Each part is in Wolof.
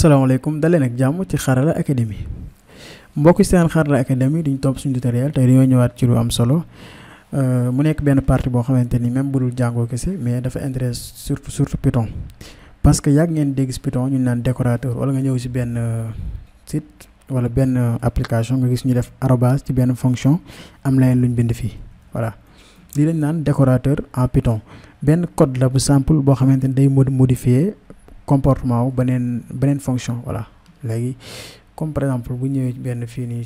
salaamaaleykum dalé nak jamm ci xarala Academy. mbokk seen xarala academy duñ top suñu tutoriel tay dañu ñëwaat ci lu am solo eh, mu nekk benn parti boo xamanteni même bu dul jàngoo kese mais dafa intérêt surtout surtout Python parce que yàgg ngeen dégg Python ñu naan décorateur wala nga ñëw si benn eh, site wala benn eh, application nga gis ñu def arrobase ci benn fonction am leneen luñ bind fii voilà li lañ naan décorateur en ah, Python benn code la bu simple boo xamanteni ni day modifier comportement ou benen fonction voilà comme par exemple bu fini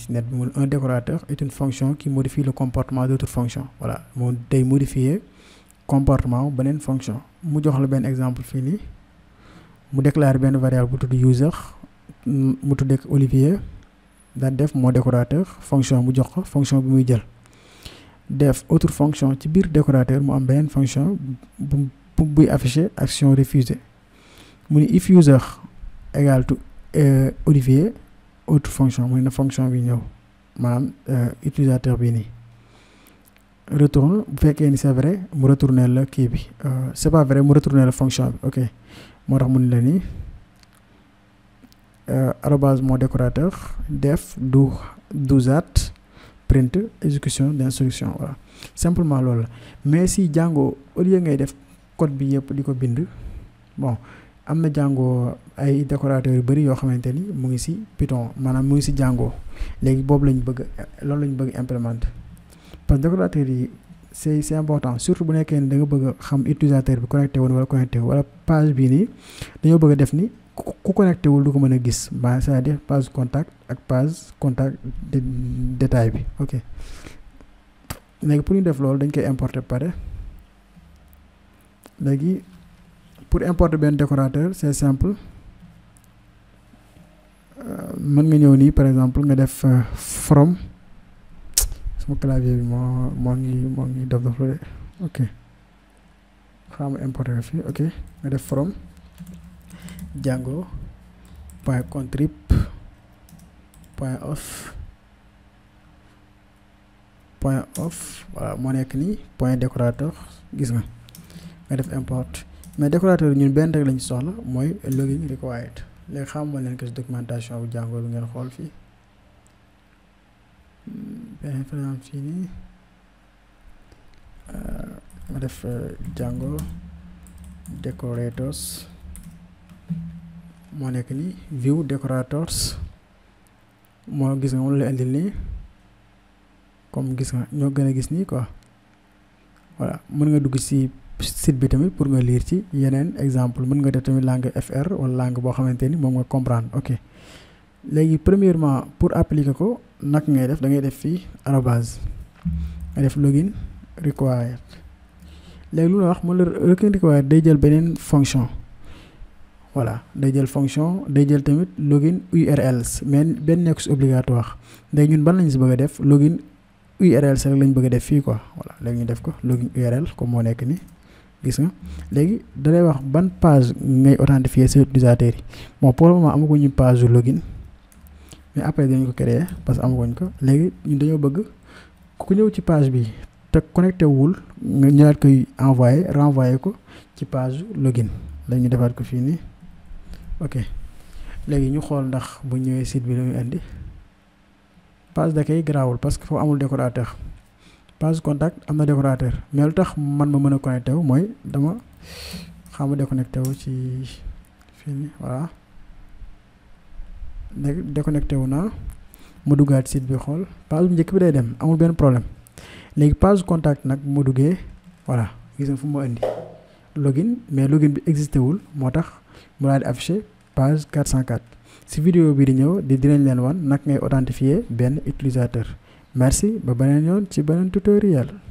un décorateur est une fonction qui modifie le comportement d'autres fonctions voilà modifier comportement ou une fonction mu jox exemple fini mu variable bu user Olivier Vous def décorateur fonction mu fonction bu def autre fonction ci décorateur fonction bu afficher action refusée mu if user égal to euh, Olivier autre fonction mu ne fonction bi euh, utilisateur bi retourne bu c'est vrai mu retourner la euh, c'est pas vrai mu retourner la fonction ok tax décorateur def do 12 print exécution d'instruction voilà simplement mais si Django au lieu ngay def code bi yëpp di bon am na jàngoo ay décorateur yu bëri yoo xamante ni mu ngi si Python maanaam mu ngi si jàngoo léegi boobu lañ bëgg loolu lañ bëgg implémenter parce que décorateur yi c'est c'est important surtout bu nekkee ni da nga bëgg xam utilisateur bi connecté woon wala connecté wala page bii nii dañoo bëgg a def ni ku connecté wul du ko mën a gis ba c'est-à-dire page contact ak page contact de détail bi ok léegi pour ñu def loolu dañ koy importer pare léegi pour importer benn décorateur c'est simple eh, man nga ñëw ni par exemple nga def eh, from sama clavier bi mo mo ngi mo ngi def def de ok xam importer fi ok nga def from django point contrib point off point off voilà mo nekk ni point décorateur gis nga nga def import mais décorateur ñun benn rek lañ soxla mooy login required léegi xamal leen ko si documentation bu jàngoo bi ngeen xool fii beneen par exemple fii nii euh, ma def euh, jàngoo decorators moo nekk nii view decorators moo gis nga moom la indil nii comme gis nga ñoo gën a gis nii quoi voilà mën nga dugg si site bi tamit pour nga lire ci yeneen exemple mën nga def tamit langue FR wala langue boo xamante ni moom nga comprendre ok léegi premièrement pour appliquer ko nak ngay def da ngay def fii arrobase nga def login required léegi lu la wax mu login required day jël beneen fonction voilà day jël fonction day jël tamit login urls mais benn nekk si obligatoire léegi ñun ban lañ bëgg def login urls rek lañ bëgg a def fii quoi voilà léegi ñu def ko login url comme moo nekk nii gis nga léegi da wax ban page ngay authentifier sa utilisateur yi bon pour le moment amaguñu page su mais après nañ ko créer parce que amaguñ ko léegi ñun dañoo bëgg ku ñëw ci page bi te connecté wul nga ñëwaat koy envoyé renvoyé ko ci page login la ñu defaat ko fii nii ok léegi ñu xool ndax bu ñëwee site bi la indi page da koy garaawul parce que foofu amul décorateur. page contact am na décorateur mais lu tax man ma mën a connecté wu mooy dama xam ma déconnecté wu ci waa nii voilà déconnecté wu naa mu duggaat site bi xool page bu njëkk bi day dem amul benn problème léegi page contact nag ma duggee voilà gis nga fu ma indi login mais login bi existé wul moo tax mu daal di affiché page 404 si vidéo bii di ñëw di dinañ leen wan nag ngay authentifier benn utilisateur. Merci, bye beneen ci benen tutorial.